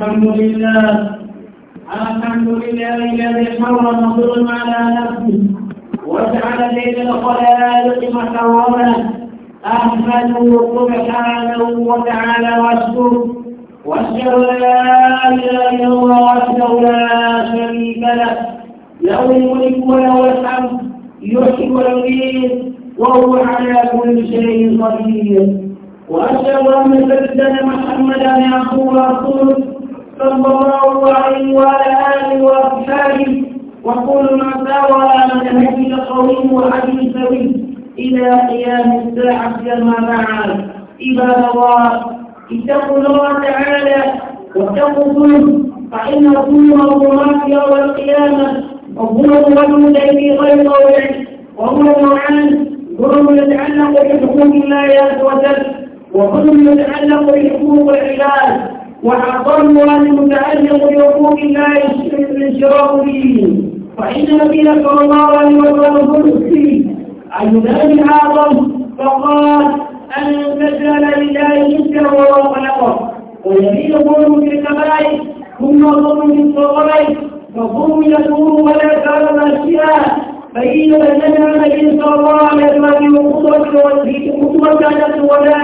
الحمد لله الحمد لله الذي حرم الظلم على نفسه وجعل بين الخلائق محرما احمده سبحانه وتعالى واشكره واشهد ان لا اله الا الله وحده لا شريك له له الملك وله الحمد يحيي ويميت وهو على كل شيء قدير واشهد ان سيدنا محمدا عبده ورسوله صلى الله عليه وعلى آله وأصحابه وكل من ساوى على منهجه قويم وعدل سوي إلى قيام الساعة كما فعل عباد الله اتقوا الله تعالى واتقوا الظلم فإن الظلم الظلمات يوم القيامة الظلم رجل في غير قوله وهو نوعان ظلم يتعلق بحقوق الله عز وجل وظلم يتعلق بحقوق العباد وحضرنا المتعلق بحقوق الله الانشراف فيه فإن النبي صلى الله عليه وسلم قدسي أن يدان أعظم فقال أن تجعل لله جدا وهو خلقه والذي يقول في الكبائر ثم يقول في الصغائر فقوم يقول ولا تعلم أشياء فإن لنا النبي صلى الله عليه وسلم قدرة وتزيد قدرة ولا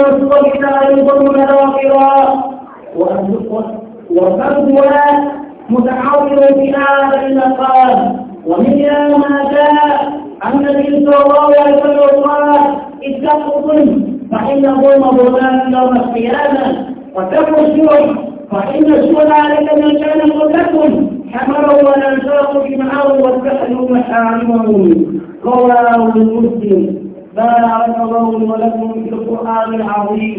الصالح أيضا منافرا وفرضها متحول في هذا المقام ومنها ما جاء أن النبي صلى الله عليه وسلم قال اتقوا الظلم فإن الظلم ظلام يوم القيامة واتقوا الشرك فإن الشرك عليك ما كان قبلكم حمروا والأنفاق بمعه واتخذوا محارمهم رواه مسلم بارك الله لكم في القرآن العظيم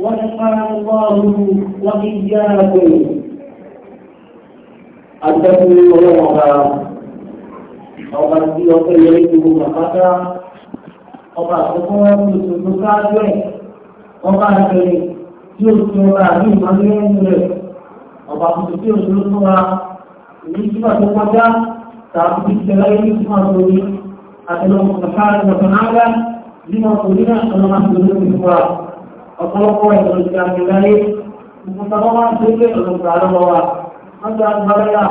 ونفعنا الله وإياكم أتقوا الله ọba tí ọpẹ́ yẹrí gbogbo bàbá ọba àkọ́kọ́ wọn kò tó tó káájú ẹ ọba àgbẹrẹ tí ó ti ọba àbí ìmọ̀lẹ́ ẹ̀yìn rẹ ọba kò tí ó tó tó wa èyí tí wàá tó kọjá tààbí ti tẹ̀lé ẹ̀yìn tí wọ́n tó ní àtẹlọ́wọ́ kàkà ìwọ̀n tó náà nínú ọkùnrin náà tọ́lọ́ máa ń lò lórí fún wa ọ̀pọ̀lọpọ̀ ìrọ̀lẹ́ ti àmì láyé anda. tọ́lọ́ máa ń tó lé ọ̀rọ̀ gbà lọ́wọ́ wa wọ́n gba agbára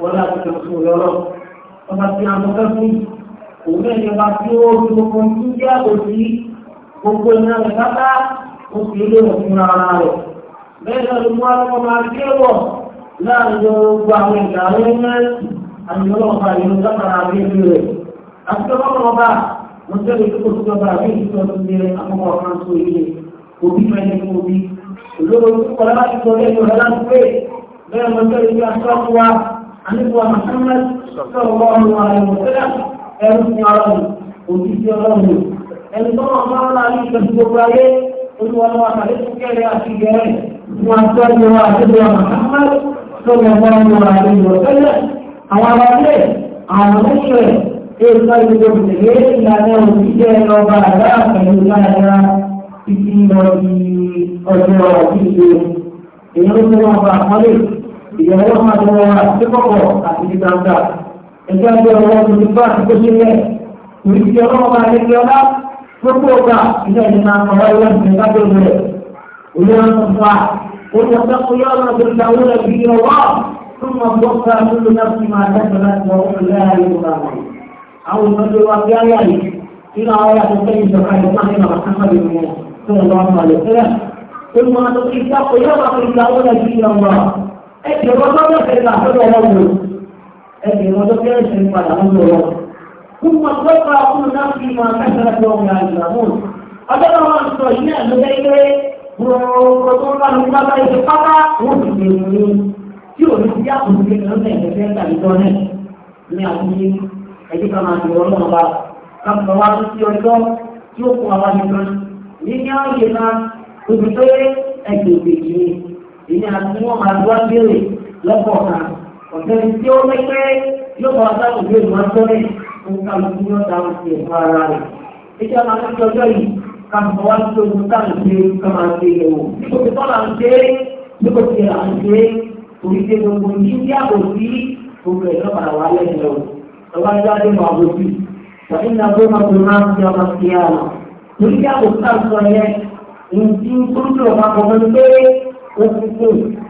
wọlé àtúntò fún ọlọ́ ọba tí a mọ̀ fẹ́ fún òun náà ní ọba tí ó rí gbogbo ní jẹ́ òsì gbogbo iná rẹ̀ pátá ó fi ilé wọ̀ fún ara rẹ̀ bẹ́ẹ̀ náà ló mú alọ́mọ máa gbé wọ̀ láàrin gbogbo àwọn ìgbà rẹ̀ náà àti ọlọ́mọba ìlú sábà rẹ̀ àti ọlọ́mọba lọ́jọ́ ìdókò tó gbọ́dọ̀ àbí ìtọ́ tó lé akọ́kọ́ kan tó ilé òbí mẹ́ni fún òbí olóró tó kọ́ láti sọ lẹ́nu rẹ̀ láti pé bẹ́ẹ̀ lọ́jọ́ ìdí aṣọ́kù wa àníkù àmàkánlẹ̀ sọ̀rọ̀ ọ̀rùn ààrẹ òṣèlá ẹrù fún ọlọ́run òbí sí ọlọ́run ẹni tó wọ́n máa ń rà ní ìgbà gbogbo ayé olúwalọ́wà àlékún kẹrẹ àti ìgbẹ́rẹ́ wọn àtọ́jú wa àtẹ́jú wa àmàkánlẹ̀ Èèkọ́ ìlú òṣèré ìlànà òṣìṣẹ́ ọba àgbà pẹ̀lú láàárá títí lọ di ọjọ́ ìṣe. Èèyàn tó wọ́n fa àpọ́lé, ìyàwó máa tọrọ àtikọ́kọ̀ àti ìgbàgbà. Ẹgbẹ́ ẹgbẹ́ ọwọ́ tó ti bá àtikó sílẹ̀. Òṣìṣẹ́ ọlọ́wọ́ máa lé ọlá gbogbo ọgbà ilé ẹni máa kọ́ wáyé láti ẹ̀ka tó rẹ̀. Òyìnbó ń fa olùdókòwò yọ̀ọ̀nà tó ta owó rẹ̀ bí ọwọ́ ثم توفى كل نفس ما كسبت وهم لا يظلمون àwọn ìmọ̀jọ́ wa bí ayé àyè nínú àwọn ayé àti sẹ́yìn ìjọba ìlú máa ń yọ àwọn sáfà lè mú tó ń lọ àwọn àlè fẹ́rẹ̀. Olú máa tó fi sá òyà máa fi gba owó lẹ́yìn ìlú ọmọ. Ẹ jẹ́ wọ́n tó bẹ̀rẹ̀ fẹ́ gbà fẹ́ lọ́wọ́ Ẹ jẹ́ wọ́n tó bẹ̀rẹ̀ fẹ́ padà lọ́wọ́. Kúmọ̀ tó bá kúrò náà fi máa kẹ́sàrẹ́ fẹ́ tó ń bá lọ mú un. Tí òun ń tàbí ẹ̀jú ká máa tẹ̀wọ́ náà bá káàkiri wá tó sí ọjọ́ tí ó fún àwọn nìkan ní ní ààyè náà tóbi pé ẹ̀jẹ̀ òkèjì ni ìní àti wọn máa gbọ́ béèrè lọ́kọ̀ọ̀kan ọ̀sẹ̀ tí ó ní pé yóò máa dáhùn bí èèmọ̀ sọ́rẹ̀ fún kálukú yóò dáhùn sí ẹ̀fọ́ ara rẹ̀ ìjọ máa tó ọjọ́ yìí káàkiri wá tó ojú káàkiri ká máa ṣe ìyẹ̀wò nípa ti tọ́lá ń ṣe é gbogbo ní ìdí àbòsí gbogbo ẹ̀ ọbájáde mọ̀ àbòsí tàbí ní agbóhùn ọdún máa ń fi ọmọ sí àná torí bí àbòsí àtúntò yẹn ìdí kúrúkú ọ̀pá kọ̀ọ̀kan pé ó ti kó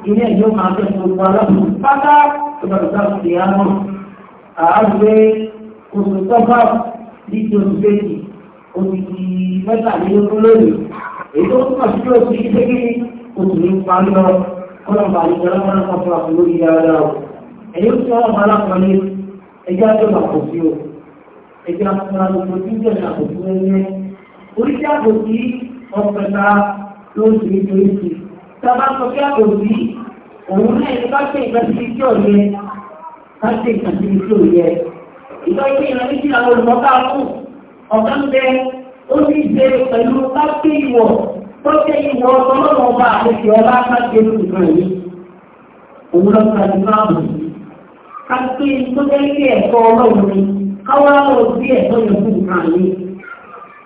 ilé ìjọ máa fẹ́ gbogbo aláàbò pátá ọbàdàn sí àná àágbé oṣù tọ́gbà ní ti oṣù kejì oṣù ti mẹ́tàlélógún lónìí èyí tó túmọ̀ sí oṣù kékeré oṣù ní parí lọ kọ́nà bàálù pẹ̀lú fún àkùnrin lórí dáadáa tí wọ́n máa lápọ̀ ẹjá tó máa kò sí o ẹjá máa lò tó tún tẹ̀lé àkókò ẹyẹ oríṣi àkòsí ọ̀pẹ̀ta ló ń ṣe nítorí sí tábà sọ pé àkòsí òun náà ní ká ṣe ìgbà sí iṣẹ́ òye ká ṣe ìgbà sí iṣẹ́ òye ìgbà ìgbà ìrìn méjì làwọn olùmọ̀ká kù ọ̀gá ń bẹ ó ti ṣe pẹ̀lú ká ìwọ̀ tó ṣe ìwọ̀ ọlọ́run ọba àti ìṣẹ́ ọlá ká ṣe ìlú ìgbà àti tó jẹ́ kí ẹ̀kọ́ ọlọ́run ni káwá lọ sí ẹ̀kọ́ yẹn fún nǹkan mi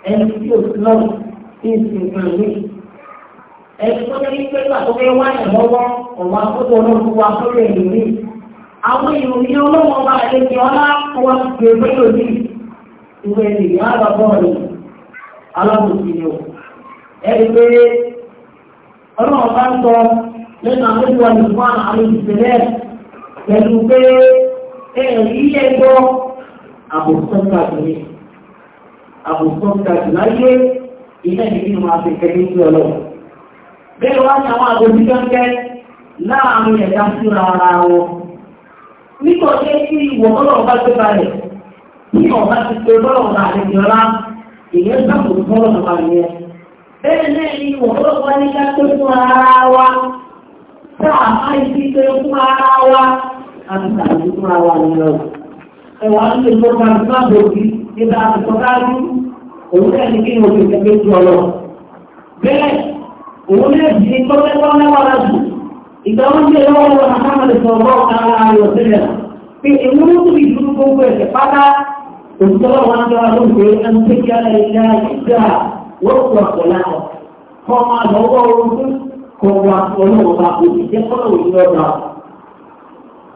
ẹni tí ó ti lọ́rùn sí nǹkan mi. ẹni tó jẹ́ kí wá yẹn lọ́wọ́ ọ̀wọ́ ọlọ́run wa àwọn ìròyìn ọlọ́run ọba àlejò ti gbé pẹ́lú ìwé alábòsí ni ẹni pé ọlọ́run pẹ̀lú pé ẹ̀rí ẹgbọ́ àbùsọ́kàdùnì àbùsọ́kàdùnáyé ilẹ̀ nínú afẹ́kẹ́lẹ́ sí ọlọ́run bẹ́ẹ̀ wá ní àwọn àgbòsí láàrin ẹ̀dá síra ara wọn nítorí tí ìwọ̀ ọlọ́run bá balẹ̀ ọba ti pé ọlọ́run bá ìyẹn sábò fún ọlọ́run bá yẹ bẹ́ẹ̀ náà ni ìwọ̀ ọlọ́run bá ní ká tó fún ara wa máa ń fi fún ara wa àtìkà àtìkà àwọn ènìyàn ẹwà ń lè lọ́ka nípa bòbí nípa àtìkọ́ káàdì òun náà ní kí ni òkè kẹfẹ́ ju ọlọ. bẹ́ẹ̀ òun náà di tọ́lẹ́tọ́ mẹ́wàá rà jù ìgbàwọ́n jẹ́ lọ́wọ́ lọ́wọ́ àtàkàlẹ̀ sọ̀rọ̀ ara ayọ̀ sílẹ̀ pé ìwúrú tó fi dúró gbogbo ẹ̀sẹ̀ pátá òṣìṣẹ́ wọn ń jọra ló ń pè é ẹnu pé kí alẹ́ ilé ayé gbà wọ́n kú ọ̀pọ̀ láàrọ̀ kọ́ máa lọ́wọ́ orogún kọ́ wa ọlọ́wọ́ bá òṣìṣẹ́ kọ́lọ́wọ́ ìjọba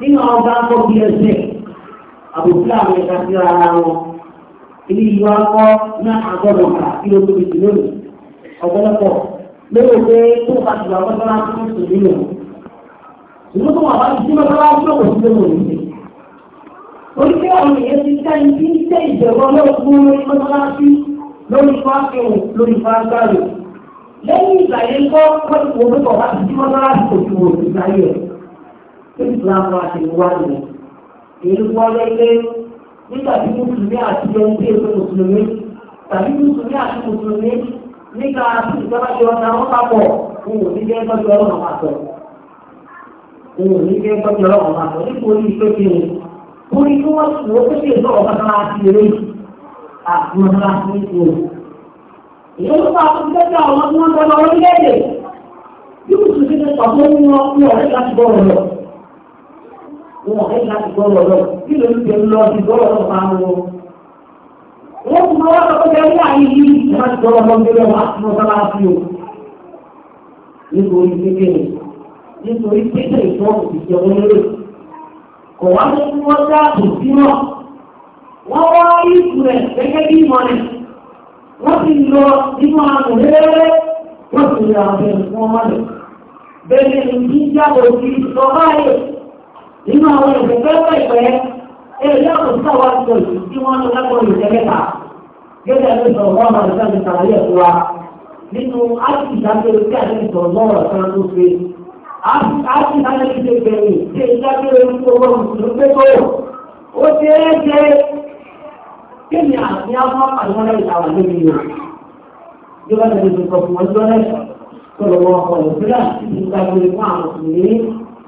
nínú ọba tó bí ẹsẹ̀ àbùkù àwọn ẹ̀ka sí ara wọn ilé ìwà kọ́ náà àgọ́dọ̀ kà kí ló tóbi jù lónìí ọ̀pọ̀lọpọ̀ lérò pé tó bá ti wà mọ́tọ́lá tó ń sùn nínú ìlú tó wà bá ti sí mọ́tọ́lá tó kò sí lónìí òní. oríṣi àwọn èèyàn ti ká ní ń tẹ ìjọba lọ́kùn lórí mọ́tọ́lá sí lórí fáfihàn lórí fáfihàn lẹ́yìn ìgbà yẹn kọ́ wọ́n ti wọ́n tó bá ti sí mọ́tọ́lá tó kò sí Islam wa ṣe wá nìyẹn. Èyí wá lẹ́gbẹ́ nígbà tí Mùsùlùmí àti ẹni tí èso Mùsùlùmí tàbí Mùsùlùmí àti Mùsùlùmí nígbà tí ìjọba ṣe ọ̀nà wọn papọ̀ ń wò ní jẹ́ tọ́jú ọlọ́run máa sọ. Ń wò ní jẹ́ tọ́jú ọlọ́run máa sọ nípa orí ìfẹ́ fi hàn. Ó ní kí wọ́n wọ́n tó ṣe ìtọ́ ọ̀gá kan láti eré àgbọn láti ìwò wọn ọ̀rẹ́ láti gbọ́rọ̀ lọ kí ló ń jẹ lọ sí gbọ́rọ̀ lọ máa ń wọ. wọ́n ti máa wá lọ pé ẹ̀rí àyè yìí ni wọ́n ti gbọ́rọ̀ lọ gbé lọ́wọ́ àti wọn sábà o. nítorí kékeré nítorí kékeré ìfọ́ọ̀mù ti jẹ wọn lérè kò wá ló ń wọ́n dá àbò sí wọn. wọ́n wá ìtù rẹ̀ gẹ́gẹ́ bí ìmọ̀ wọ́n ti lọ nínú àmọ̀ lérè wọ́n ti lọ àwọn fún ọmọ rẹ̀ bẹ́ẹ̀ òkè ìsọ báyìí nínú àwọn ìgbẹ́gbẹ́ pẹ̀pẹ́ ẹ̀yọ́ kò ìdájọ́ ti ṣe bẹ̀rẹ̀ tí ìdájọ́ rẹ̀ ń kó owó mùsùlùmí tó ó ṣe é ṣe kí ni àti àwọn àwọn ìtawà lórí rẹ̀ yóò bá tẹ̀lé ìṣòkò fún ọjọ́ rẹ̀ tó ọkọ̀ ìpínlẹ̀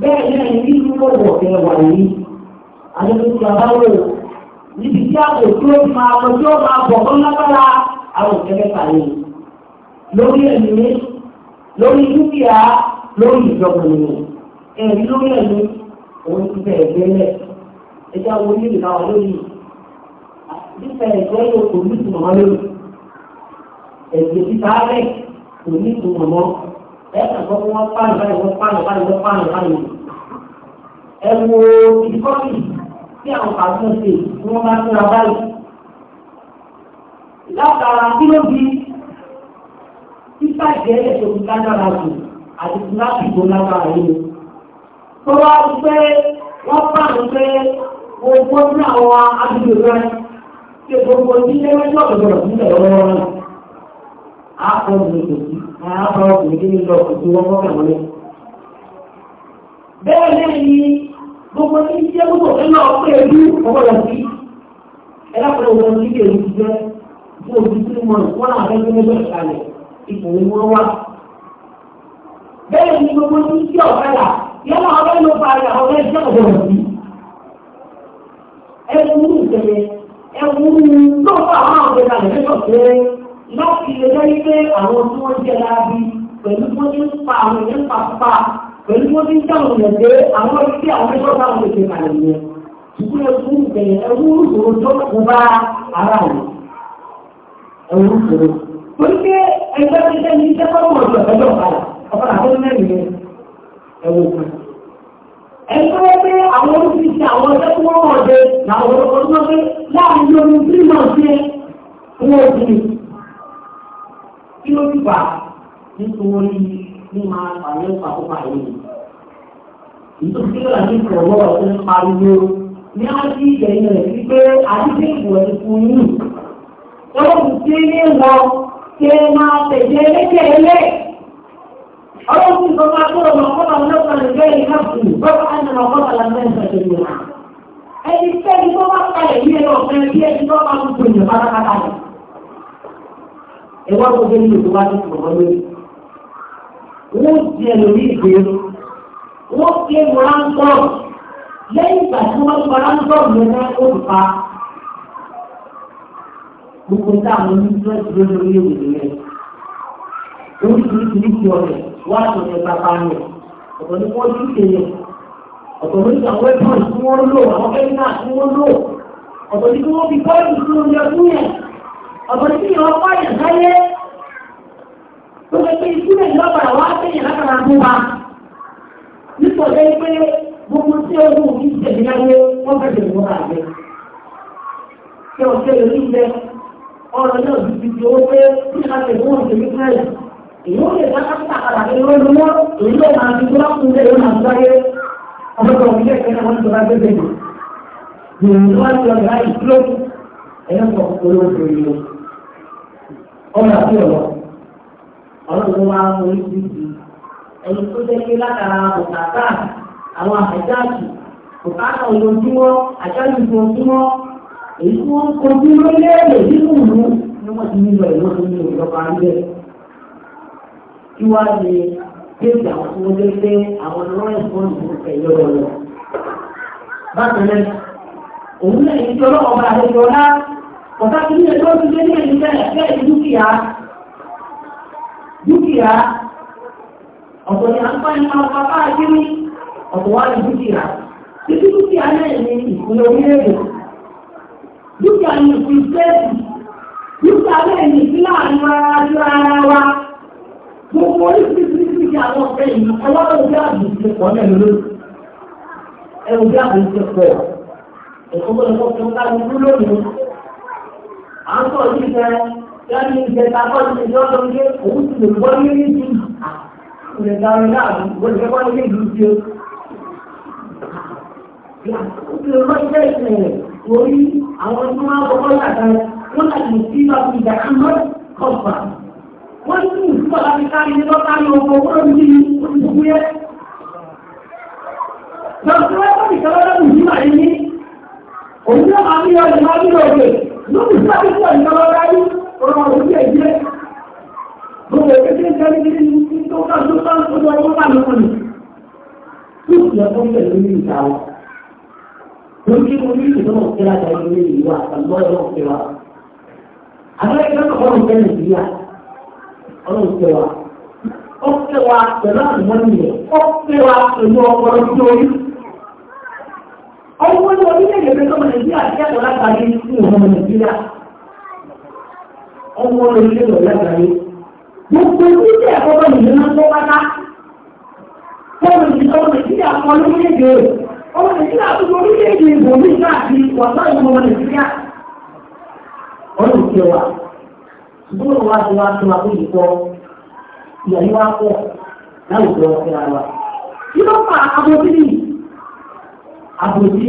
bẹ́ẹ̀ náà ní bí púpọ̀ bọ̀ tẹ wà yìí àdébùsí àbáwò níbi tí àpò tí ó máa lọ máa bọ̀ fún lágbára àwọn òkèlè pàlẹ́ lórí ẹ̀mí lórí dúkìá lórí ìjọba nìyẹn ẹ̀rí lórí ẹ̀mí òun ti bẹ̀rẹ̀ gbẹ́lẹ̀ ẹja wo ní lórí nípa ẹ̀jẹ̀ yóò kò ní ìtumọ̀ lórí ẹ̀jẹ̀ títà ẹ̀ka gbọ́ fún wọn pààlù báyìí wọ́n pààlù báyìí wọ́n pààlù báyìí. ẹ wo ìkọ́sì tí àwọn pàṣẹ ṣe tí wọ́n bá fúnra báyìí. látara kí ló bí títà ìjẹ́ ètò ìkájára sùn àti láti ìbò lágbára yìí. tó wá rí pé wọ́n pààlù pé owó ní àwọn agbègbè rẹ̀ ṣe gbogbo ní ẹgbẹ́ àpọ̀ ìgbèkè sí àpọ̀ ìgbèkè nílọ òtù wọn mọ́kà wọlé. Bẹ́ẹ̀ lẹ́yìn gbogbo ní iṣẹ́ gbogbo ńlọ pé ẹbí ọgbọ́dọ̀ sí ẹlẹ́pẹ̀lẹ́ wọn ní kéèrè ti jẹ́ fún ojú tí wọn wọn náà fẹ́ gbé mẹ́jọ ìkàlẹ̀ ipò ní wọn wá. Bẹ́ẹ̀ ni gbogbo ní iṣẹ́ ọ̀fẹ́là yálà ọ̀fẹ́ ló parí àwọn ọ̀fẹ́ iṣẹ́ ọ̀gbọ̀dọ̀ sí. Ẹ wúrú ìṣẹ̀lẹ̀ ẹ wúrú láti lè lọ wípé àwọn tí wọ́n jẹ́ láàbí pẹ̀lú wọ́n ní ń pa àwọn èèyàn pàpà pẹ̀lú wọ́n ní dáhùn èèyàn pé àwọn orí tí àwọn ẹgbẹ́ bá wọn lè kàlẹ̀ yẹn ṣùgbọ́n ẹkún ìgbẹ̀yẹ ẹwú ìṣòro tó kù bá ara rẹ̀ ẹwú ìṣòro. torí pé ẹgbẹ́ ti jẹ́ ní iṣẹ́ fọ́nmù ọ̀dọ̀ ẹjọ́ ọ̀kadà ọ̀kadà tó kí ló dìbà nítorí ní máa pàdé pàkópa yìí. Ìtòsí ìlànà ní ìfọwọ́ ọ̀sẹ̀ ń pariwo ní ájí ìgbẹ̀yìn rẹ̀ sí pé àdídé ìwọ̀ ti fún yìí. Ọlọ́run tí ní wọ ṣe máa tẹ̀lé lẹ́kẹ̀ẹ́lẹ́. Ọlọ́run sọ máa tó ọmọ ọkọ̀ọ̀lá lọ́pàá lẹ́gbẹ́ ìhàkùn bọ́pá ẹ̀nà ọkọ̀ọ̀lá lọ́pàá lẹ́gbẹ́ ìhàkùn. Ẹni tẹ́ni tó bá kalẹ̀ yí ẹ̀rọ ọ̀fẹ́ bí ẹni tó bá gbogbo ìyẹn pátápátá rẹ̀ ẹ wá gbogbo nínú tó bá dùn lọ́wọ́ lórí. wọ́n di ẹlòmí ìgbéró wọ́n ké mọ́ráńtọ́ lẹ́yìn ìgbà tí wọ́n mọ́ráńtọ́ lọ́wọ́ ó ti pa. gbogbo táwọn oníṣẹ́ ti lórí ìwé rẹ̀ oríṣiríṣi ọ̀rẹ́ wá àtọ̀rẹ́ bàbá rẹ̀ ọ̀tọ̀ ní wọ́n ti kéde ọ̀tọ̀ ní àwọn ẹ̀fọ́n tí wọ́n lò àwọn ẹ̀fọ́n tí wọ́n lò ọ̀tọ̀ ní kí wọ́n fi bọ́ọ̀lù sí oúnjẹ fún yẹn ọ̀pọ̀ tí ìwọ pààyàn sáyé tó fẹ́ pé ìsúlẹ̀ ìlọ́pàá wá sẹ́yìn látara fún wa nítorí pé gbogbo tí ó wù kí tẹ̀lé ayé wọ́n fẹ́ tẹ̀lé wọn àgbẹ̀. Ṣé o ṣe lórí ilẹ̀ ọ̀rọ̀ náà ti di owó pé kí a tẹ̀lé wọn tẹ̀lé fẹ́rẹ̀? Èyí ó lè bá kápítà padà pé wọ́n lọ́wọ́ èyí ló máa fi gbọ́ fún ilé ìwọ̀n àgbáyé ọmọdé ọ̀gbìn ilé ìfẹ́ wọn tó bá gbé bẹ̀rẹ̀. Yorùbá ti ọ̀gá ìdúró ọ̀nà àti ọ̀rọ̀ ọ̀rọ̀ tó máa ń mú oríṣiríṣi ẹni tó jẹ́ pé látara òkàtà àwọn àjáàjì òkàtà ojoojúmọ́ àjáàjì ojoojúmọ́ èyí tí wọ́n kojú lórílẹ̀-èdè nínú ìlú ni wọ́n ti nílò ìlú tó ní ìjọba ilé kí wá ní déèdì àwọn tí wọ́n jẹ́ pé àwọn lọ́rẹ̀ fún ìlú ẹ̀yọ́ lọ. bákan náà òun náà ìjọba ọba àdéjọ́lá Kọ̀tà kí ní ẹjọ́ ti lé ní ẹ̀yìn bẹ́ẹ̀ bẹ́ẹ̀ dúkìá. Dúkìá ọ̀tọ̀ ni à ń pààyàn máa pa káàkiri ọ̀tọ̀ wá ní dúkìá. Títí dúkìá náà ní ìpínlẹ̀ orílẹ̀-èdè. Dúkìá ní ìpín sẹ́ẹ̀sì. Dúkìá náà ní ìpínlẹ̀ àárín ara sí ara wa. Gbogbo oríṣiríṣi ti àwọn ọ̀fẹ́ yìí ọlọ́dọ̀ bí àbùsẹ̀pọ̀ náà lórí. Ẹ̀rù bí àbùsẹ̀pọ̀ ẹ̀kọ́ gbọ́dọ̀ fọ́ à ń sọ̀rọ̀ lẹ́nu ìjẹta kọ́ ti ṣe lọ́dọ̀ òun ti lè gbọ́ ní ní ju ìrìn ìdarí láàbù wọ́n ti gbọ́ ní ní ju ṣe. ó ti lè gbọ́ iṣẹ́ ìṣẹ̀lẹ̀ orí àwọn tó máa kọ́kọ́ yàtọ̀ wọ́n láti sí lọ́kùn ìjà àmọ́ kọ̀ọ̀fà. wọ́n ti ń sọ̀rọ̀ láti kárí ní lọ́ta ní ọkọ̀ wọ́n ní ní. Òun náà máa ń yọ ìmọ̀ ọdún lórí sábẹ́sà ìjọba ọmọ bá lọ́wọ́ pẹ̀lú ní ìlú náà nàìjíríà ọmọ nàìjíríà ọmọ orílẹ̀ lágbàáyé gbogbo títí ẹ̀kọ́ bá nìyẹn ń tó pátá ọmọ nàìjíríà kan lórílẹ̀-èdè rẹ̀ ọmọ nàìjíríà tó lórílẹ̀-èdè ìbò ní ìgbà àti wàhálà ìmọ̀ nàìjíríà ọ̀rọ̀ ìṣẹ́ wa ṣùgbọ́n wa ti wá tó wa tó yìí kọ́ ìyàní wa pọ̀ láwùjọ ọ̀sẹ̀ ara wa kí ló fà àbòsí àbòsí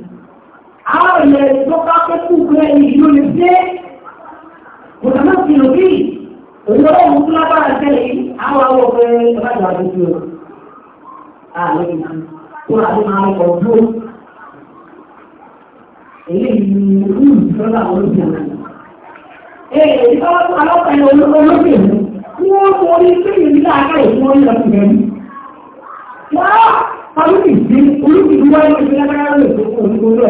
حاول يتوقع تسوق يجيون الزيت متمثل فيه هو مطلقة الكلمة أو أو غير هذا الجزء آمين قل عظيم على القبول إليه يقول صلى الله عليه وسلم إيه إذا أنا أقول لكم wọ́n mọ orí pẹ̀lú ní àárẹ̀ ìwọ̀n ní ọdún rẹ̀. Wọ́n á pàlú ìdí olùdíwọ́ ìpínlẹ̀ Báyọ̀ lè tó kún orí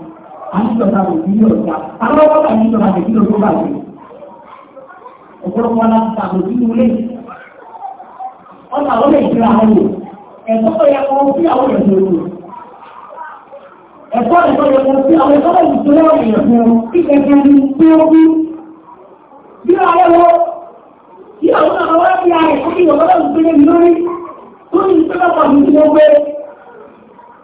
àyíjọba nàìjíríà ọ̀gá àwọn ọ̀gá àyíjọba nàìjíríà tó bàjẹ́ ọ̀pọ̀lọpọ̀ aláǹtà àbòjú ilé ọ̀nà àwọn ìjìnlẹ̀ àwọn wò ẹ̀kọ́ tó yẹ kó sí àwọn ẹ̀sẹ̀ wò ẹ̀kọ́ ẹ̀kọ́ yẹ kó sí àwọn ẹ̀kọ́ ìjìnlẹ̀ àwọn ẹ̀sẹ̀ wò kí kẹ̀kẹ́ ní tí ó kú bí àwọn ẹ̀wọ̀ bí àwọn àwọn ẹ̀kọ́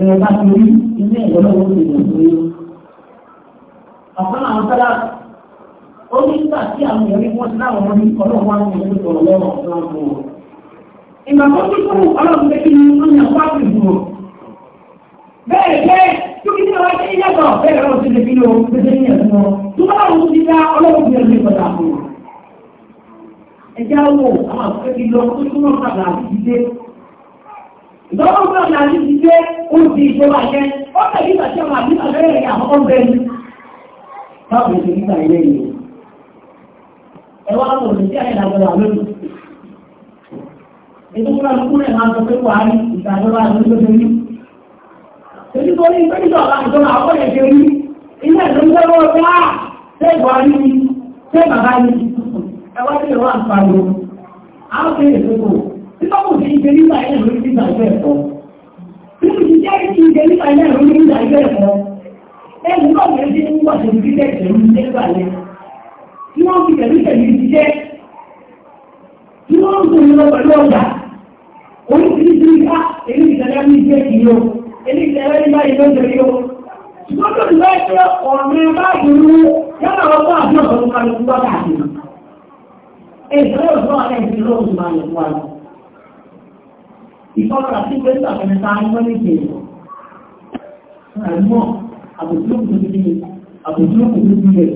bẹ̀rẹ̀ bá ti rí ilé ìgbọ́lọ́wọ́ ti lè rí. Ọ̀kan àwọn sọ́dá ó ní nígbà tí àwọn èèyàn rí wọ́n ti láwọn ọmọ ní ọlọ́run wá ní ìlú ìtọ̀rọ̀ lọ́wọ́ ọ̀sán fún wọn. Ìgbà tó ti kú ọlọ́run pé kí ni wọ́n yàn wá sí ìdúró. Bẹ́ẹ̀ bẹ́ẹ̀ tó kí ní ọwọ́ ṣe yàtọ̀ bẹ́ẹ̀ lọ́wọ́ ti lè fi lò pèsè ní ẹ̀sìn wọn. Tó bá wọn ti dá ọlọ́run fi ẹ̀sìn ìpàdà fún wọn. Ẹja wo àwọn àkókò lọ́wọ́ bá ọ̀nà àti ti gbé oúnjẹ ìjọba yẹn ó tẹ̀lé ìgbà tí ọmọ àbí ọ̀rẹ́ rẹ̀ àkọ́kọ́ ń bẹ́ẹ̀ ni. báwo ṣe nígbà ilé yìí ẹ wá wò lè lónìí. ètò ìgbà lókù rẹ̀ máa sọ pé wà á ní ìjọba tó ní ìjọba àwọn rí ilé nígbà kò sí ìṣe nígbà ilé ìlú nígbà ilé ẹ̀kọ́ nígbà tí jẹ́ ìṣe ìṣe nígbà ilé ìlú nígbà ilé ẹ̀kọ́ ẹ̀rù náà lè ṣe ń wà tẹ̀lú títẹ̀ tẹ̀lú nígbà yẹn tí wọ́n fi tẹ̀lú tẹ̀lú ìtọ́ka sí pé ìtàkùnrin ta ń wọ́n méje àìmọ́ àbòjúlòkù tó ti àbòjúlòkù tó ti rẹ̀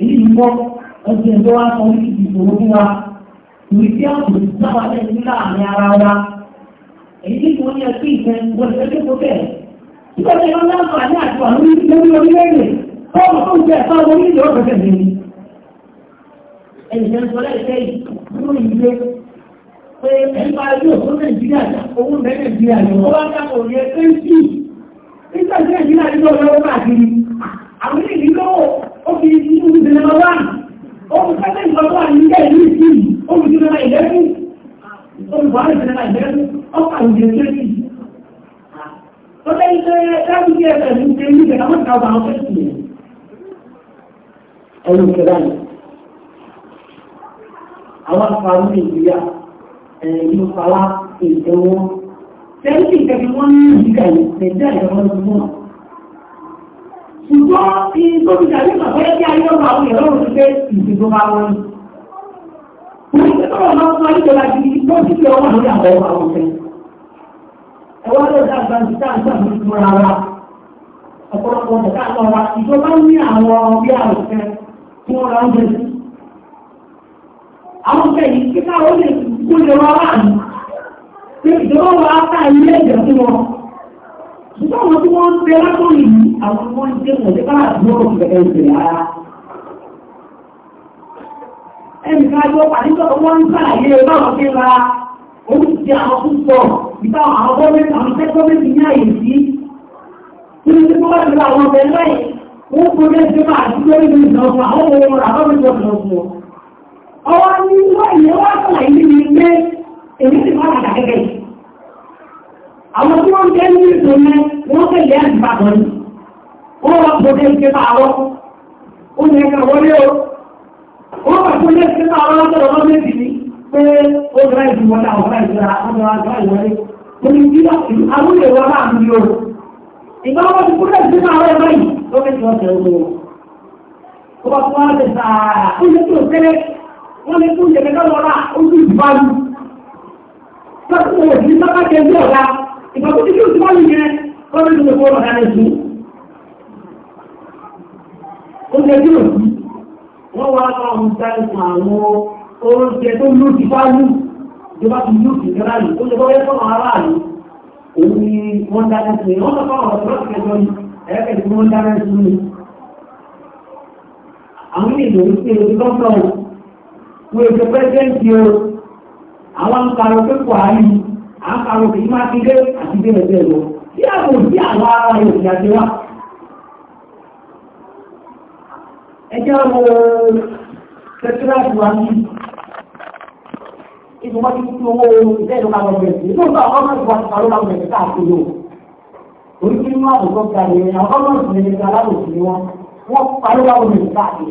èyí ni mọ́ ọjọ́ ẹjọ́ wa sọ a kò pé ẹgbà yóò fún nàìjíríà owó mẹ́ nàìjíríà àwọn ìlú lọ́wọ́ ó fi inú ìdílé lọ́wọ́ wà òun fẹ́fẹ́ ìgbàgbọ́ wà nígbà ìlú ìsì òun ti lọ́wọ́ ìlẹ́kùn òun bá ìdílé lọ́wọ́ ìlẹ́kùn ọkọ̀ àwọn ìdílé sí ó ìlú pàwá èdè wọn tẹ́lifí ìtẹ́bí wọ́n ní ìdíkà ìtẹ́jẹ́ ìjọba lọ́dún ṣùgbọ́n tí gómìnà ní bàbá kí ayé ọmọ àwọn èèyàn lọ́rùn pé ìdìbò máa wọ́n ní. Wọ́n ti tọ́rọ̀ máa ń sọ ìjọba gidi tó ti fi ọwọ́ àwọn àwọn àwọn ọ̀fẹ́. Ẹ̀wọ́n lọ sí àgbà ti táà ń gbà mí fún ara wa. Ọ̀pọ̀lọpọ̀ ọ̀dọ̀ táà lọ wa ìjọba ní àwọn ọbí àwòfẹ́ tí wọ́n ra oúnjẹ sí. Àwọn ọ̀fẹ́ yìí kíkà ó lè fi kó ìjọba wà á ká ilé ẹ̀jẹ̀ fún wọn ṣùgbọ́n àwọn tí wọ́n ń tẹ látọ̀rọ̀ yìí àwọn tí wọ́n ń tẹ wọ́n ti bá àdúgbò kò bẹ̀rẹ̀ ìbẹ̀rẹ̀ ara ẹnì kan yọ pàdéjọ́ wọ́n ń sàlàyé báwọn ti ra oríṣi àwọn tó sọ nípa àwọn gọ́ọ̀mẹ́ntì àwọn tẹ́ gọ́ọ̀mẹ́ntì ní àyè sí kí ni tí wọ́n bá ti ra àwọn ọ̀bẹ̀ lẹ́yìn wọ́n kó lẹ́sẹ̀ máa àdúgbò ìlú ìjọba àwọn ohun àbábẹ́jọ́ kan fún wọn ọwọ́ ní wọ́n ìyẹn wá sọ ìlú ní pé èmi ti máa rà gẹ́gẹ́ yìí. Àwọn tí wọ́n ń jẹ́ ní ìlú ní wọ́n fẹ́ lé àdìbàbọ̀ ni. Wọ́n wá gbọdọ̀ ń képa àwọ̀. Ó ní ẹ̀ka wọlé o. Wọ́n wá tó lé képa àwọ̀ lọ́sọ̀rọ̀ lọ́ méjì ni pé ó dra ìdìbọ̀dà ọ̀gá ìdìbọ̀dà ọ̀gá ìdìbọ̀dà ìwọlé. Mo ní kí àwọn ìlú wa máa ń yọ. Ìgbà wọn ti kúrò ìdíkà àwọn ẹgbẹ́ yìí ló fẹ́ ti ọ̀sẹ̀ òun. Ó wá fún wa lè sàárà. Ó yẹ kí o tẹ́lẹ̀ wọ́n lè fún ìjẹ̀kẹ́kẹ́ lọ́la ojú ìbálù. Lọ́sí mo sì ní ọ̀la, ìgbà tó ti kí yẹn, wọ́n lè lè fọwọ́ ọ̀la lẹ́sùn. Oúnjẹ tí ò sí, wọ́n wá bá ọmọ àwọn oúnjẹ tó ló ti bálù. Ìjọba ti ló ti kẹ́lá yìí, oúnjẹ tó wáyé fọ́nà aráàlú. Òun ni wọ́n dáná sí, wọ́n sọ fọ́nà ọ̀sán láti kẹjọ ni, ẹ̀ẹ́kẹ̀ tí wọ́n dáná sí ni. Àwọn ìlú ń pè é lọ́sọ̀rọ̀ wọ́n èso pẹ́sẹ́ǹtì o àwọn àǹkàrò pé Buhari àǹkàrò pé Mákindé àti bẹ́ẹ̀ bẹ́ẹ̀ lọ tí a kò sí àwọn ará Yorùbá ti wá. ẹ jẹ́ wo sẹ́kírẹ́tì wa ní ìgbìmọ̀ tí kí owó ilé ìlú máa lọ́gbẹ̀ẹ́ sí inú ọ̀gá ọ̀gá ìgbà tí wọ́n lọ́gbẹ̀ẹ́ sí káàkiri o orí àbùkọ́ gbà ní àwọn ọ̀gá ọ̀gá ìgbìmọ̀ alábòsí ni wọ́n wọ́n parí wá lọ́gbẹ̀ẹ́ sí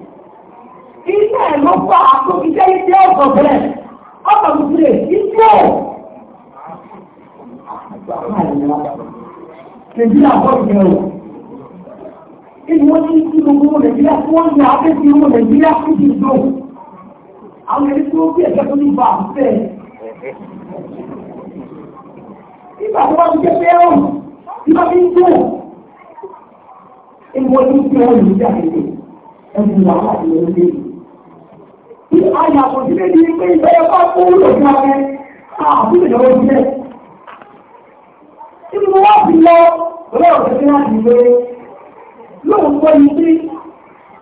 iṣẹ́ ló fà á tó iṣẹ́ iṣẹ́ ọ̀sán bẹ̀rẹ̀ ọ̀sán tó tilẹ̀ iṣẹ́ ẹ̀. Nàìjíríà bọ́ ìjẹ́ o. Ìlú wọn ní kí gbogbo Nàìjíríà tí wọ́n yà abẹ́ ti wọn Nàìjíríà kú ti dùn. Àwọn ẹni tí ó bí ẹ̀jẹ̀ tó ní bá a fẹ́. Nígbà tó bá ti jẹ́ pé ọ̀hún, nígbà tí ń dùn. Ìlú wọn tí a yà kò sí méjì pé ìbẹ̀rẹ̀ bá kó lò ní abẹ́ àbúrò ìjọba ìbílẹ̀. Ibi mo wá sí lọ lọ́wọ́ òṣèlú láti ìwé lóòótọ́ ni pé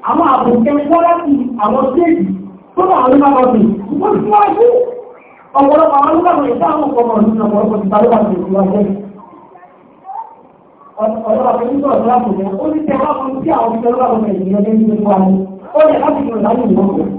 àwọn àbùkẹ́ wọ́n láti àwọn stéèjì tó bá àwọn olùkọ́ ọ̀sìn wọ́n ti wá ọ̀pọ̀lọpọ̀ àwọn olùkọ́ ọ̀sìn àwọn ọ̀pọ̀ ọ̀sìn ọ̀pọ̀lọpọ̀ wà ní tẹ́wọ́ ó lè láti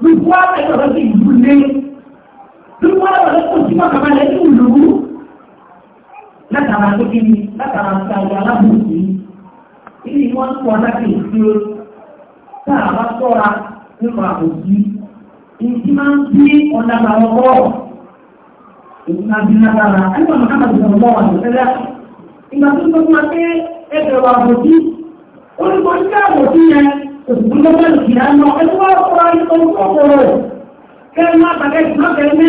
gbogbo àtẹ̀lọ́rọ̀ sí ìlú lé gbogbo àtẹ̀lọ́rọ̀ kò sí mọ́kànlá lẹ́yìn ìlú látara tó kí ni látara tó ayé alábòsí ilé wọn kọ láti ìdúró tá a bá tọ́ra nípa àbòsí ìdí máa ń bí ọ̀nà àwọn bọ́ọ̀ èyí máa bí látara nípa àwọn káàkiri ọ̀nà bọ́ọ̀ àti ìtẹ́lẹ̀ ìgbà tó ń tọ́jú máa pé ẹgbẹ̀rún àbòsí olùkọ́ ní ká àbòsí yẹn òṣùpá bá lè kìlá lọ ẹgbẹ́ wá kọ́ ayé tó ń kọ́kọ́ rẹ̀ kẹ́rin má bàgẹ́ ìgbà bẹ̀rẹ̀ ní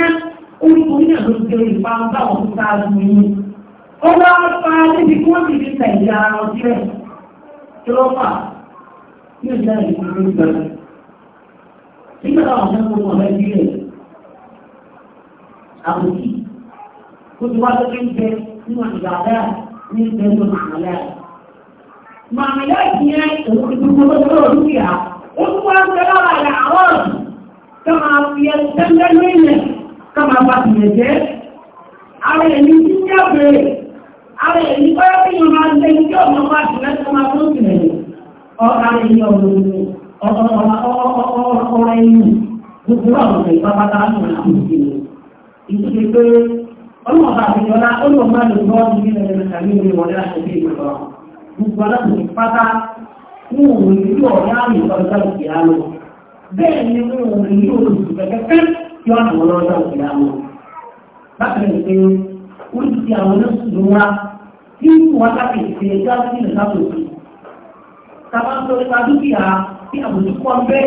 orúkọ ní ẹ̀rọ ìjọ ìpamọ́ táwọn tó ta lù yín ó wá pa níbi kí wọ́n ti fi tẹ̀ ìyá ara sílẹ̀ tó lọ́ fà yóò jẹ́ ìpínlẹ̀ ìgbẹ̀rẹ̀ nígbà táwọn ọ̀sẹ̀ tó wọ̀ lẹ́bí níwọ̀n ìgbà bẹ́ẹ̀ ní ìgbẹ́ tó nà màmìlá ìyẹn òun ìdúgbò lọ́wọ́ dúkìá ó tún wá ń tẹ́lá àyà àwọn ọ̀dùn ká máa fi ẹ tẹ́lẹ̀ lẹ́yìn ká máa bá tìyẹ̀ jẹ́ ara ẹni tí ń jábẹ̀rẹ̀ ara ẹni báyá tí yọ máa ń tẹ́ tí ọmọ bá tìyẹ̀ tó máa tó tìyẹ̀ ọ̀rọ̀ ẹni ọ̀rọ̀ ẹni gbogbo àwọn ọ̀rọ̀ ìpapátá àwọn àmúṣe ìṣe pé ọlọ́mọba àti ìjọba ó lọ máa lè gbọ́ ìgbìyànjú ẹ̀rọ tàbí ìwọlé àṣẹ gbogbo alákùnrin pátá ní òun ìlú ọ̀rẹ́ àmì ìpàdé ìdí àlọ́ bẹ́ẹ̀ ni ní òun ìlú olùsùn kẹ̀kẹ́ tí wọ́n àwọn ọlọ́dọ̀ ìdí àlọ́ bákan ní pé oríṣiríṣi àwọn olóṣèlú wa tí wọ́n láti ṣe ẹjọ́ sí ìlànàbòsí tàbá ń sọ nípa dúkìá tí àbòsí pọ̀ ń bẹ́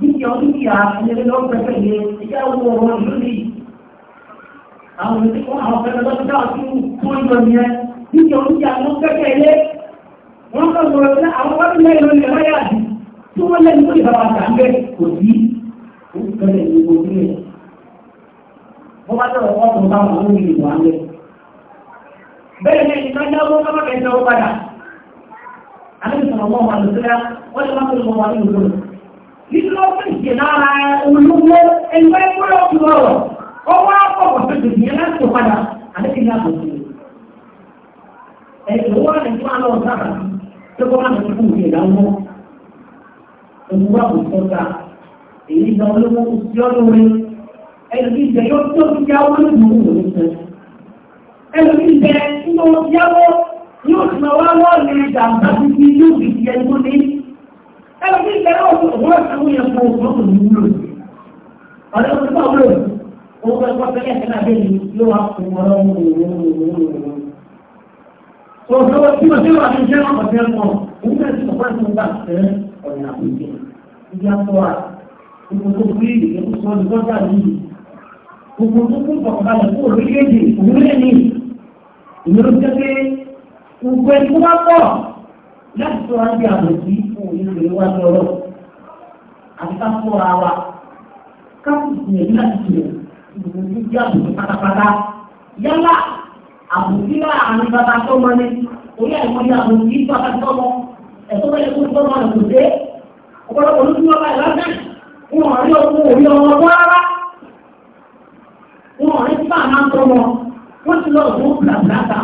dúkìá dúkìá ẹlẹ́rẹ́ lọ́wọ́ pẹ́pẹ́ yẹ ẹjọ́ wọ ọ̀rọ̀ ìlú ni àwọn olùsèkọ́ àwọn pẹ́pẹ́ lọ́dún níjọ ń jà wọ́n kẹ́kẹ́ ilé wọ́n kọ́ sọ̀rọ̀ sí àwọn wájú mẹ́rin lórí ẹ̀rọ yà jù tí wọ́n lẹ́nu tó ìbára tà ń bẹ́ kò sí ó kẹ́lẹ̀ ní gbogbo rẹ̀ wọ́n bá tọ̀rọ̀ wọ́n tó bá wọn lórí ìwà ń bẹ́ bẹ́ẹ̀ ni ìgbà jáwó kọ́mọ́ kẹ́ jáwó padà àti sọ̀rọ̀ wọn wà lóṣèlá wọ́n lè má tó lọ wà lóṣèlú nínú ọ̀sẹ̀ ìṣẹ̀ lára olùgbò ẹgbẹ́ ìgbọ́lọ́ ọ̀wọ́ àpọ̀ ọ̀sẹ̀ tòṣìyẹ láti tó padà ẹ̀sùn wà ní fún àlọ́ sáà tó kọ́ wà ní fún ìwé ìdáwó òun wà kò tó ta èyí lọ lówó sí ọdún rẹ ẹ̀sùn ti jẹ yóò tó ti yáwó lóògùn òun òun sẹ ẹ̀sùn ti jẹ nínú yáwó yóò ti máa wá wọ́ọ̀lù ìjàmbá títí yóò fi jẹ tó ní ẹ̀sùn ti jẹ yóò tó wọ́n ti wúyẹ fún òun òun wúlò ọ̀rẹ́ òun tó wúlò òun kọ́ ẹ̀kọ́ fẹ́lẹ́ ẹ̀sẹ̀ náà bẹ́ẹ̀ ni yóò wá fún ọlọ́run òun òun òun òun 所以说，这个这个是这样好像哦，不是喜欢什么大神，我拿不见。人家说啊，如果是规矩，也不说你多大意，如果是不懂的，不理解你，不认你，你们这些不规不拉倒，那是说人家的媳妇，你给我说了，还是他说了哇，刚也那些，你们这家伙啪嗒啪嗒，一样啦。àbùsí láàrin bàbá tó mọ ní orí àìmọ́ ní àbùsí bàbá tó mọ ẹ̀tọ́ bẹ́ẹ̀ tó tó mọ kò dé ọ̀pọ̀lọpọ̀ ló tún bàbá ìlọ́sẹ̀ wọn ò rí ọkọ òrí ọmọ tó rárá wọn ò rí tí bàbá tó mọ wọn ti lọ fún blàblàta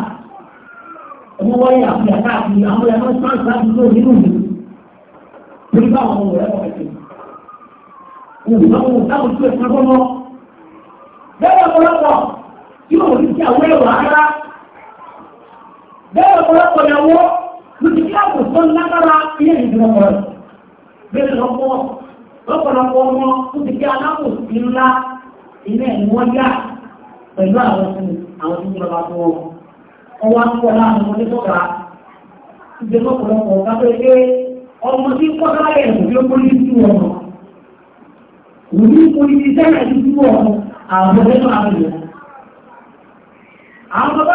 ọmọ wọlé àfihàn káàkiri àwọn ẹ̀rọ sáǹsì láti lọ nínú mi torí báwọn ọmọ rẹ̀ wọ̀ ẹ̀sìn òun báwọn òun táwọn tó ẹ̀sìn ọmọ bẹ́ẹ̀ ọ̀pọ̀lọpọ̀ yóò rí ti àwọn ẹ̀rọ rárá bẹ́ẹ̀ ọ̀pọ̀lọpọ̀ ìyàwó ló ti kí àbùsọ lágbára ilé ìdìbò ọ̀rọ̀ bẹ́ẹ̀ lọ́pọ̀ lọ́pọ̀lọpọ̀ ọmọ tó ti kí alábòsí ńlá ilé ìwọ́n yá pẹ̀lú àwọn tí àwọn tí wọ́n bá tó wọn ọwọ́ akọ́ láàrin wọn ní sọ́kà ìgbé lọ́pọ̀lọpọ̀ kápẹ́ pé ọmọ tí kọ́ láyẹ̀ ìwé kólí sí wọn òní kólí sí sẹ́yìn sí wọn àwọn ọmọdé náà àwọn bàbá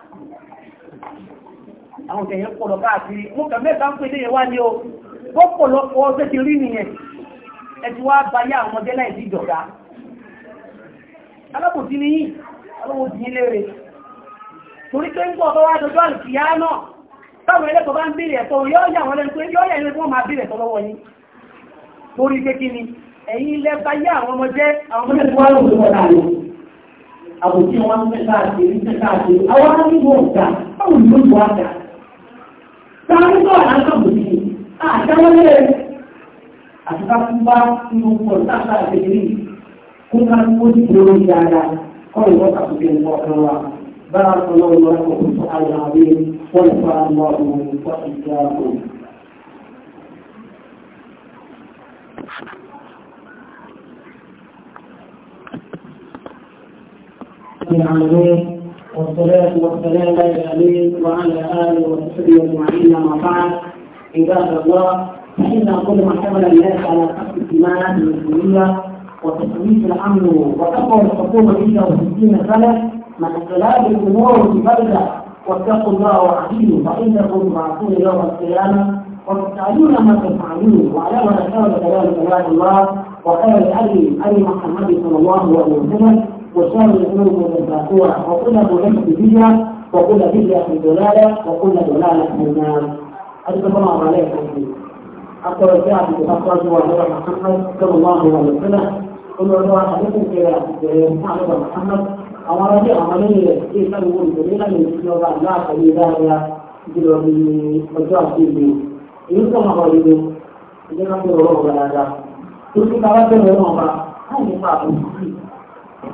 àwọn èèyàn pọ̀lọ̀ káàkiri mú kẹ mẹ́ta ń pè ní ìwá ní o ó pọ̀lọpọ̀ ọgbẹ́ ti rí nìyẹn ẹ ti wá báyá àwọn ọmọdé láì sí ìjọba alábòsí ni yìí alábòsí ní lére torí pé ń gbọ́ wá dojú àlùkìyá náà táwọn ẹlẹ́kọ̀ọ́ bá ń bèèrè ẹ̀tọ́ yóò yà wọ́n lẹ́nu pé yóò yà ilé wọ́n máa bèèrè ẹ̀tọ́ lọ́wọ́ yín torí pé kí ni ẹ̀yin lẹ báyé àwọn ọmọdé àwọn ọmọdé tí wọ́n lò wọ́n láàrin àbòsí wọn fẹ́ káàkiri fẹ́ káàkiri àwọn ọmọdé wọn ò gbà báwo ni ọ̀nà tó bù sí àtàwọlé àtàkùnbá nínú pọ̀ sáfà àtẹ̀lé kó ká kó ti lórí dáadáa kọ́ ìwọ́ kàkùnkẹ́ ìwọ́ ọ̀kan wa bára sọ̀rọ̀ ìwọ́ ọkùnrin tó àwọn àwẹ̀ wọ́n ti fara mọ́ ọ̀rùn fọ́ ìjà ọ̀rùn. Thank you. والصلاة والسلام على الأمين وعلى آله وصحبه أجمعين أما بعد عباد الله فإن كل ما حمل الناس على حق الدماء المسلمية وتسويف الأمن وتقوى الحكومة إلا وستين سنة مع اختلاف الأمور في بلدة واتقوا الله وعديله فإنكم معصوم يوم القيامة وتفعلون ما تفعلون وعلى ما كلام كلام الله وقال الهدي أي محمد صلى الله عليه وسلم وشر الأمور محدثاتها وكل محدث بدعة وكل بدعة ضلالة وكل ضلالة في النار السلام عليكم حتى رجعت بخطوات وعلى محمد صلى الله عليه وسلم كل عضو حديث في محمد محمد أمر بعملية كيف نقول جميلة من سلوك لا سبيل لها جلوبي وجوه سيدي يوسف مغربي جنة الله ولا لا تلك ترى جنة الله هذه صعبة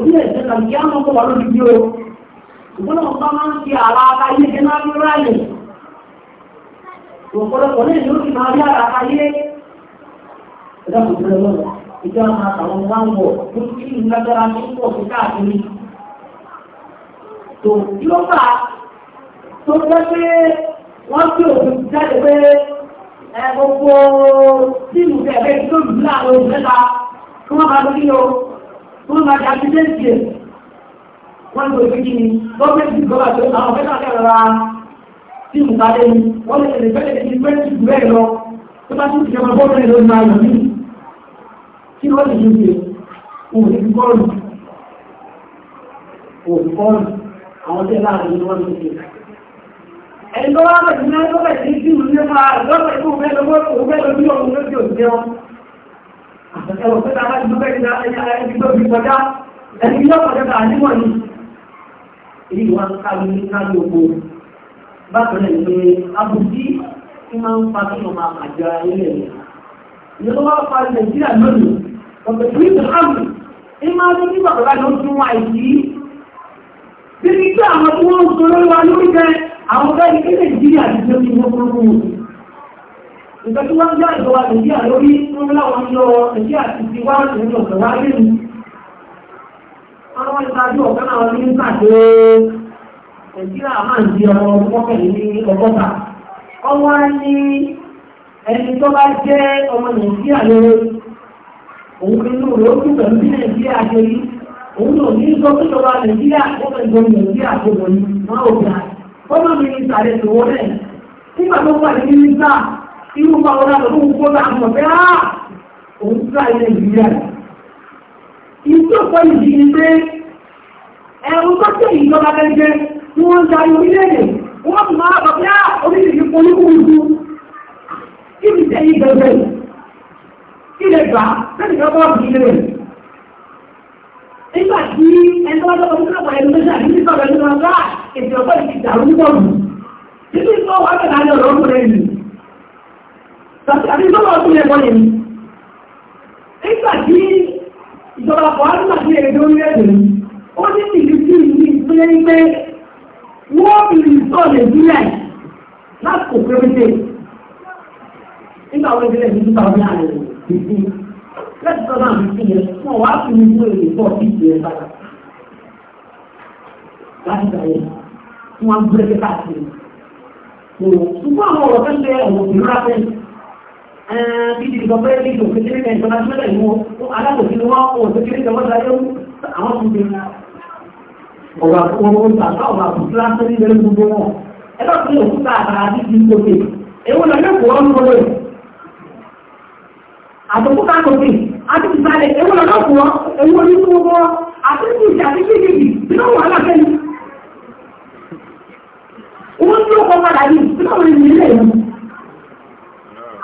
orílẹ̀ èdè nàìjíríà máa kọ́ wà lórí bí o ìgbóná ọba máa ń fi ara ayé jẹ náà ní ráyè ọ̀pọ̀lọpọ̀ náà ni ó sì máa rí ara ayé ẹ̀dá kò tẹ́lẹ̀ lọ́wọ́ ìjọ àwọn àtàwọn wá ń wọ̀ tó kí ní lágbára ní pọ̀ sí káàkiri tó yóò bá tó jẹ́ pé wọ́n tí òfin jáde pé ẹ gbogbo tí ìlú tẹ̀lé tó jù láàrin òṣèlú kí wọ́n bá lórí o wọ́n máa dá sí ẹ̀ wọ́n lè fi kí ni gọ́ọ̀mẹ́ntì gọ́ọ̀mà tó àwọn fẹ́ náà kẹ́rọ ra sí ìmùtàdé wọ́n lè lè fẹ́ lè mẹ́tì jù bẹ́ẹ̀ lọ tó bá tún ìjọba bọ́ọ̀lù ló máa yọ̀ mí kí wọ́n lè fi ṣe òun ní bọ́ọ̀lù òun bọ́ọ̀lù àwọn tẹ́ láàrin ni wọ́n lè fi ẹni tó wá bẹ̀rẹ̀ ẹ̀wọ̀n tó tàbí lókẹ́ ìdá ẹni tó fi kọjá ẹni yóò kọjá tàà níwọ̀n ní èyí wá ń ká ní káàrí oko bákan náà pé abùsí tí máa ń fa kí ọmọ àjọ ilẹ̀ rẹ̀ ní ló wá fa nàìjíríà lónìí ọ̀pẹ̀ tó yìí tó hàmù ní máa ń ní bàbá ló tún wá ìdí bí kí àwọn tí wọ́n ń sọ lórí lórí nǹkan wọ́n ń ìjọba nàìjíríà lórí ń láwọn yọ ẹ̀jẹ̀ àti ti wá ìrìn ọ̀sẹ̀ wá lẹ́nu àwọn ìtajú ọ̀gá náà ń pàdé nàìjíríà máa ń di ọmọ mọ́kànlélí ọgọ́ta ọwọ́ ní ẹni tó bá jẹ́ ọmọ nàìjíríà lórí òun nínú rẹ̀ ó irú báwọn náà lọ́dún gbogbo náà mọ̀ pé á ah, òun ká ilẹ̀ ìgbìyà ìjọpọ̀ ìjì ni pé ẹ̀rù tó tẹ̀ ìjọba gẹ́gẹ́ tí wọ́n ń darí orílẹ̀-èdè wọ́n máa bà pé á ah, orílẹ̀-èdè polúkúrúkú kí ni tẹ̀yìn gẹ́gẹ́ kí lè gbà lẹ́nu ìjọba ọ̀bì ilé rẹ̀ nígbà tí ẹni tó wá lọ́wọ́ nígbà pọ̀ jù tó wà pẹ̀lú àjọ ọ̀rọ̀ ọ̀rẹ́ yìí Tàbí àti ìjọba ọdún yẹ wọ́n yẹ ni. Nígbà tí ìjọba Buhari náà ní èdè orílẹ̀-èdè ni, ó ní ìlú sí ìlú ìpínlẹ̀ wípé wọ́n fi ìsọ̀ Nàìjíríà láti kò pé wípé. Nígbà wọ́n ìdílé ní títà ọdún ààrẹ ìdí. Láti sọ náà fi yẹ, wọ́n wá fi ní ìlú èdè pọ̀ sí ìlú ẹ̀ padà. Láti gbà yẹn, wọ́n á gbé káàkiri. Ṣùgbọ́n àwọn ọ̀rọ̀ fẹ́ ṣe ọ̀rọ̀ bíbí eh, ìgbà pé bí kékeré kan ìjọba tí ó ni wọ́n kò tó kéré kan àwọn tó ọ̀rọ̀ àwọn ọmọ ìgbà táwọn láti ní gbogbo wọn ẹgbẹ́ tó lè fún àtàrà àti ti gbòkè èwo lọ lẹ́kọ̀ọ́ wọn lọ́wọ́ àtòkù ká gòkè àti ti èwo lọ lọ́kọ̀ọ́ èwo ní gbogbo àti ti ìjà àti ti ìdìbì tí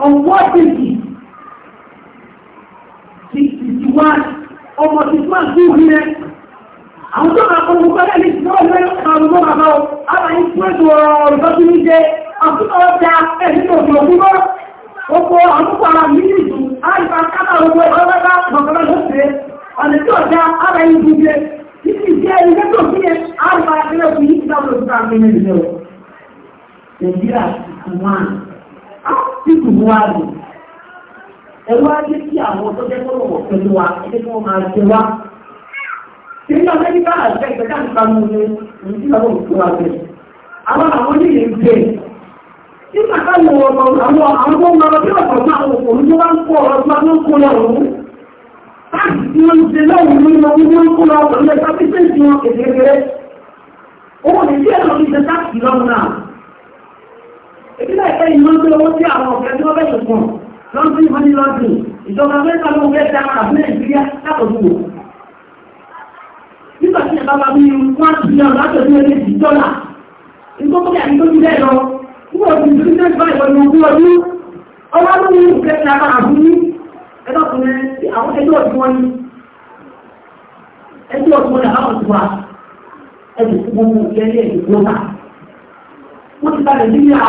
on what is it? Sixty-one ọmọ sixty-one tó rí rẹ̀. Àwọn tó máa kọ́ gbogbo ẹgbẹ́ ní ìṣòro ìwé àrùgbọ́ bàbá o, a máa ń pẹ́ tó ọ̀rọ̀ ìtọ́jú ní jẹ, àkókò ọjà ẹ̀sí òkè òkúrọ́. Gbogbo àkókò ara mi ní ìlú, a lè fa kábà gbogbo ẹ̀rọ bá bàbá lọ́sẹ̀. Ọ̀nà tí ọjà a máa ń dúdú ẹ̀, títí ìṣe ilé tó fi ẹ̀, a lè fa akẹ́lẹ́ òfin ìgbà títù mú wa lò ẹ̀rọ àwọn tó jẹ́ wọ̀ pẹ̀lú wa ẹgbẹ́ tí wọ́n máa jẹ wá ní ọjọ́ nípa ìgbẹ́jà nípa mú ní àwọn àwọn onílé ń bẹ̀ kàkà àwọn àwọn tó ń lọ ọ̀pọ̀ náà ní wọ́n ń kó ọ̀rọ̀ Èbí láìpẹ́ ìmọ́ pé owó tí àwọn ọ̀fẹ́ tí wọ́n bẹ̀rẹ̀ fún lọ́dún ìmọ́ ní lọ́dún ìjọba Amẹ́ríkà ló ń fẹ́ da àbú Nàìjíríà látọ̀dúnwò. Nígbà tí ẹ̀bá bá bí wọ́n ti lọ látọ̀dú ẹgbẹ́ ti dọ́là. Ìgbó kókè àti tó ti bẹ́ẹ̀ lọ. Nígbà tí ìlú tẹ́ bá ìwọ̀n ní ogún ọdún. Ọwọ́ ló ní ìfẹ́ ti abá àbú ní ẹgbẹ́ àwọn ẹgbẹ́ ọdún wọn ni. Ẹgbẹ́ ọdún wọn ni àwọn ọdún wa. Ẹgbẹ́ ọdún wọn ni ẹgbẹ́ ọdún wa. Wọ́n ti bá Nàìjíríà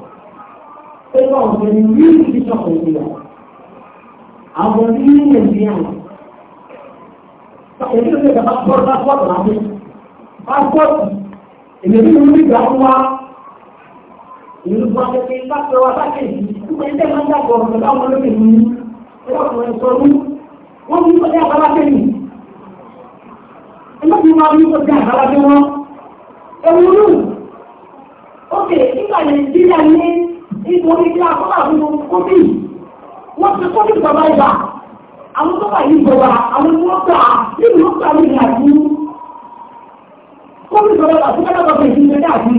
pépà ọ̀sẹ̀ ni ríru ti sọ̀kọ̀ ìgbìyà àwọn tí ní nàìjíríà èyí ló lè gbà pọ́ọ̀tù pásítọ̀tù láti pásítọ̀tù èyí ló ń rí gbà fún wa ìlú wa pépé pásítọ̀ wa sákèjì nígbà tí wọ́n dàgbọ̀ ọ̀sẹ̀ láwọn olóògbé mi ẹ̀rọ ọ̀sẹ̀ sọ̀rọ̀ wọ́n mú ọdẹ àbáláṣẹ́ mi ẹ̀mọ́ ti máa mú ọdẹ àbáláṣẹ́ nítorí kí àkọ́bà nínú kóbì wọ́n ti kóbì bàbá ìgbà àwọn tó wà ní ìjọba àwọn tó gbà nínú ló gbà ní ìyàjú kóbì bàbá ìgbà tó kẹ́kọ̀ọ́ bàbá ìdílé dàbí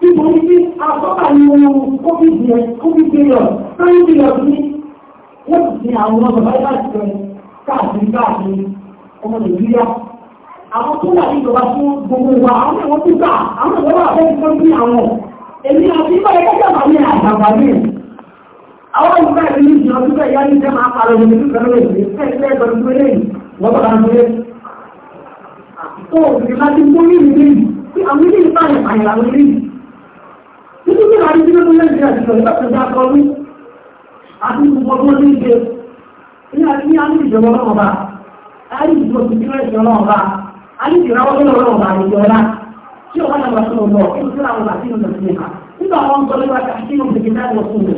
nítorí kí àkọ́bà nínú kóbì bìyẹ kóbì bìyẹ lórí bìyẹ bí wọ́n ti sin àwọn bàbá ìgbà tó káàkiri káàkiri ọmọ nàìjíríà àwọn tó wà ní ìjọba tó gbogbo wa àwọn àwọn tó gbà àwọn ìjọba àfẹ́ èmi àti ìgbà ẹgbẹ́ta wà ní àgbàgbà ní ẹ̀. àwọn ìgbà ìlú ìjì ọdún bẹ́ẹ̀ yáni jẹ́ máa parọ́ ní ìlú kan lóye ìfẹ́ ìfẹ́ ìgbọ̀dún tó lẹ́yìn wọ́n bọ̀ láti lé. tó o sì máa ti kún ní ìlú yìí tí àwọn ilé ìfà yẹn àyà àwọn ilé yìí. títí tí wàá ní sílẹ̀ tó lẹ́yìn àti ìjọba tó dá kọ́ ní àti ìgbọ̀ tó ní ìjẹ ní àti ní àti ìjọba ọlọ́ọ̀ba àti ìjọba tó ti tí ó hánà wàásù lọ kí n tí àwọn àti ìlú sí ha nígbà wọn ń sọ nípa kàkí ní òṣèlú náà wọ́n fún mi.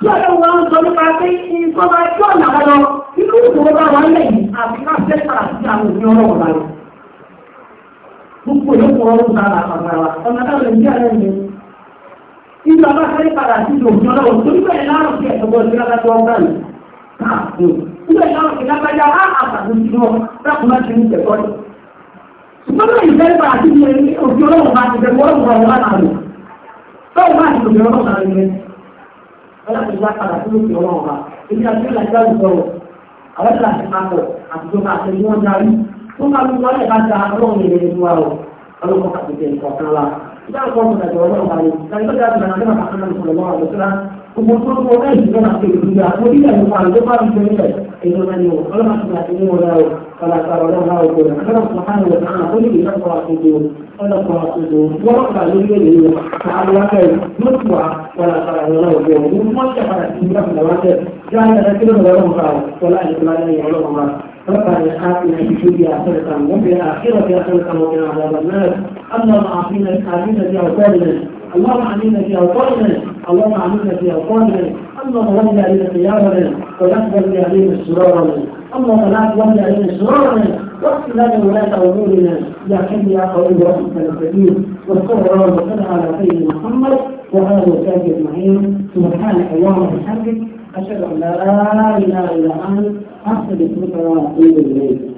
tí ọ̀dọ̀ wọn ń sọ nípa pé ìjọba tí ó nà lọ ikú ìṣòro bá wọn lẹ́yìn àti ká fẹ́ fà sí àwọn òfin ọ̀rọ̀ wọn lọ. gbogbo ìlú kọ̀ ọ́rùn náà là bàbá wa ọ̀nà náà lè ní àlẹ́ mi. ìjọba bá fẹ́ padà sí òfin ọlọ́run torí bẹ́ẹ̀ láàrùn sí ẹ̀sọ́ bọ́ọ̀lù lọ́dọ̀ ìfẹ́lẹ́bà àti òkè ọlọ́run bá ti bẹ̀rù ọlọ́run ọ̀rọ̀ wà láàrú lọ́wọ́ bá ti òkè ọlọ́run náà yẹn ọlọ́run bá padà sí òkè ọlọ́run bá èyí àti ìlà ìjà ìsọ̀rọ̀ àwọn ìlà ti máa pọ̀ àti tó máa tẹ̀lé wọn darí tó máa lu wọn lẹ́ẹ̀bá da ọlọ́run yẹn lẹ́nu wa o ọlọ́run kà tètè ìkọ̀kan wa ìjà ìkọ̀kan ọ̀dọ̀ ọlọ́run bá yẹn ìjà ìkọ̀kan ọ̀dọ̀ ọlọ́run bá yẹn ìjà ìkọ̀kan ọ̀dọ̀ ọlọ́run bá yẹn ìjà gbogbo tó ń wọlé ìdílé náà pé ìdílé àti onílẹ̀ ìwọ̀n àlùkò bá ń tẹ̀lé ẹ̀ ẹ̀yọ́ náà فلا ترى لها وكنا فلا سبحانه وتعالى قل لي لا تراقبون ولا تراقبون ورفع لليله تعالى كيف مطبع ولا ترى لها وكنا ما شفعت من نفس الواجب جعل ذكرهم لهم قال ولا اجمال ان يعلمها رفع آتنا في الدنيا حسنة وفي الآخرة حسنة وفي عذاب النار أما أعطنا آتنا في أوتادنا اللهم امنا في اوطاننا اللهم امنا في اوطاننا اللهم ولي علينا قيامنا ويقبل علينا سرارنا اللهم لا تولي علينا سرارنا واغفر لنا ولاة امورنا يا حي يا قوي برحمتك الكريم واذكر اللهم صل على سيدنا محمد وعلى وصحبه اجمعين سبحانك اللهم وبحمدك اشهد ان لا اله الا انت استغفرك واتوب اليك